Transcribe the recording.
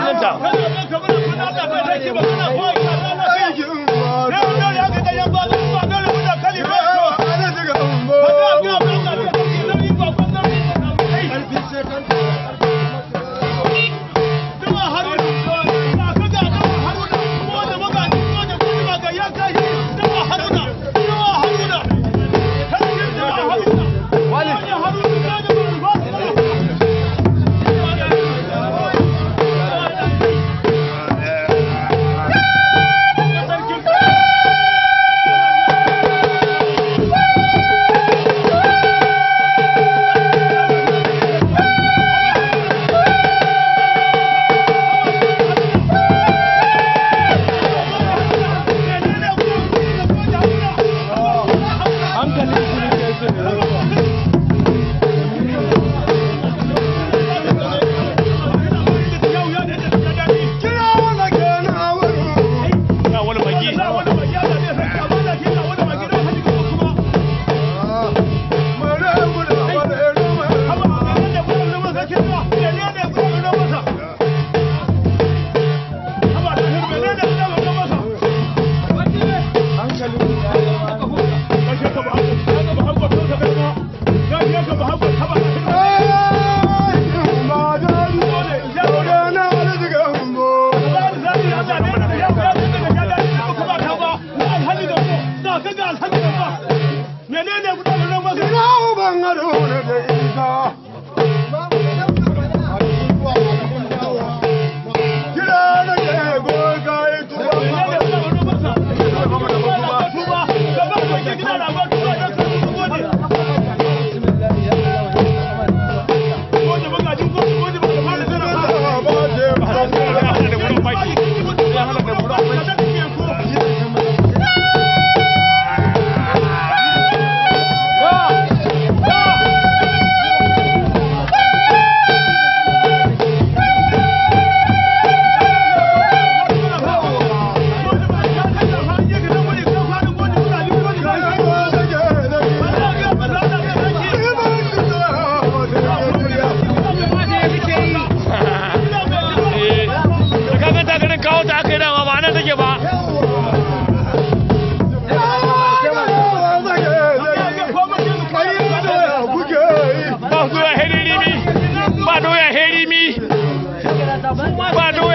birnin ta ga alhamdulillah menene gudanar masu ina uban aro ne da isa tsimi ba